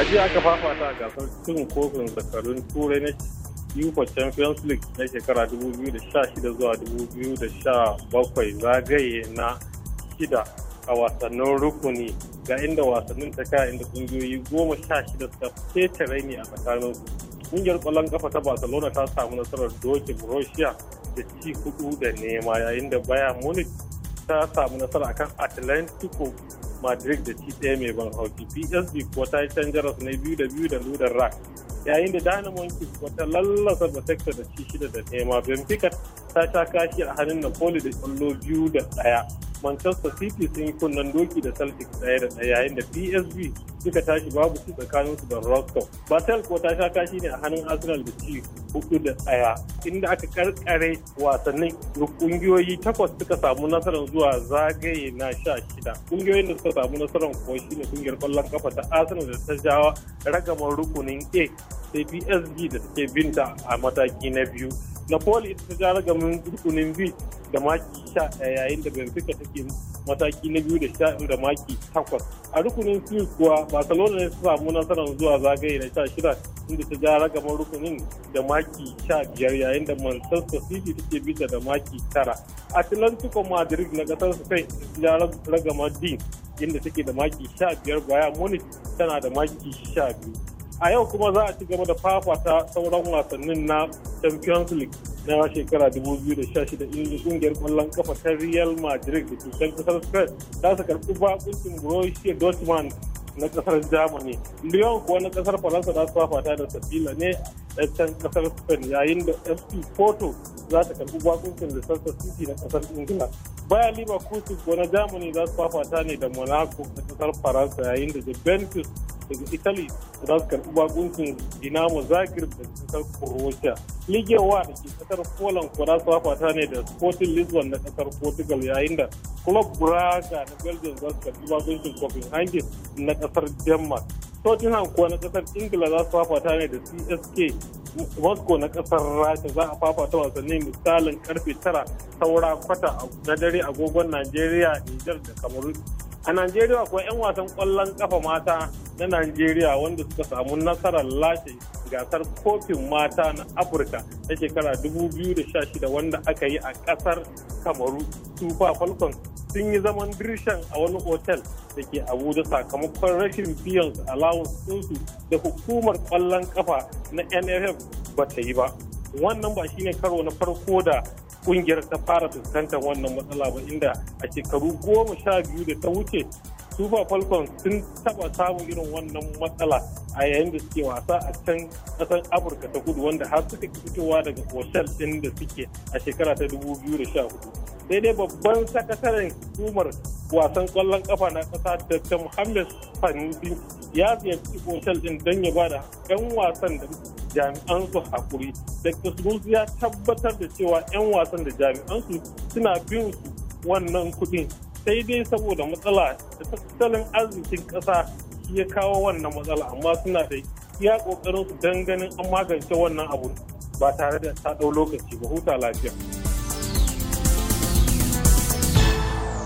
A jiya aka fafata a gasar cin kofin zakarun turai na yufa Champions League na shekara 2016 zuwa 2017 zagaye na shida a wasannin rukuni ga inda wasannin ta kaya inda kungiyoyi goma sha shida suka fece raini a tsakaninsu. ƙungiyar ƙwallon kafa ta Barcelona ta samu nasarar dokin Russia da ci hudu da nema yayin da Bayern Munich ta samu nasara akan Atlantico Madrid da ci ɗaya mai ban hauki. PSV kuwa ta yi can na biyu da biyu da ludar rak. Yayin da Dynamo Kiev wata lallasa Batekta da ci shida da nema. Benfica ta sha kashi a hannun Napoli da kwallo biyu da ɗaya. Manchester City sun yi kunnen doki da Celtic ɗaya da ɗaya yayin da PSV suka tashi babu su tsakanin su da Rostov. Batel ko ta sha kashi ne a hannun Arsenal da ci hudu da ɗaya inda aka karkare wasannin kungiyoyi takwas suka samu nasarar zuwa zagaye na sha shida. Kungiyoyin da suka samu nasarar kuwa shine kungiyar kwallon kafa ta Arsenal da ta jawa ragamar rukunin A sai PSG da take binta a mataki na biyu. Napoli ita ta ja ragamin rukunin B da maki sha yayin da Benfica take mataki na biyu da sha da maki takwas a rukunin fiye kuwa barcelona ne su samu nasarar zuwa zagaye na sha shida inda ta ja ragamar rukunin da maki sha biyar yayin da manchester city take bisa da maki tara atlantico madrid na kasar spain ja ragamar din inda take da maki sha biyar baya munich tana da maki sha biyu a yau kuma za a ci gaba da fafata sauran wasannin na champions league na shekara 2016 inda kungiyar kwallon kafa ta real madrid da ke can kasar spain za su karbi bakuncin borussia dortmund na kasar germany lyon kuwa na kasar faransa za su fafata da sabila ne a can kasar spain yayin da fc porto za ta karbi bakuncin leicester city na kasar ingila bayan liverpool kuwa na germany za su fafata ne da monaco na kasar faransa yayin da juventus daga italy za su karɓi bakuncin dinamo zagreb da kasar croatia ligiyar wa da ke kasar poland kuwa su ne da sporting lisbon na kasar portugal yayin da club braga na belgium za su karɓi bakuncin copenhagen na kasar denmark Tottenham kuwa na kasar Ingila za su fafata ne da CSK Moscow na kasar Rasha za a fafata wasanni misalin karfe tara saura kwata na dare agogon Najeriya, Nijar da Kamaru. A Najeriya kuwa 'yan wasan kwallon kafa mata na Najeriya wanda suka samu nasarar lashe gasar kofin mata na afirka na shekara 2016 wanda aka yi a kasar kamaru super falcons sun yi zaman dirshan a wani otel da ke abuja sakamakon rashin biyan allowance ɗinsu da hukumar kwallon kafa na nff ba ta yi ba wannan ba shine karo na farko da kungiyar ta fara fuskantar wannan matsala ba inda a shekaru goma sha biyu da ta wuce super falcons sun taba samun irin wannan matsala a yayin da suke wasa a can kasar afirka ta kudu wanda har suka fitowa daga otal din da suke a shekara ta 2014 sai dai babban sakataren hukumar wasan kwallon kafa na kasa da ta muhammad fanusi ya ziyarci otal din don ya bada yan wasan da jami'an su hakuri da kusurunsu ya tabbatar da cewa yan wasan da jami'an su suna bin su wannan kudin sai dai saboda matsala da tattalin arzikin ƙasa. shi ya kawo wannan matsala amma suna da iya kokarin su don ganin an magance wannan abu ba tare da ta ɗau lokaci ba huta lafiya.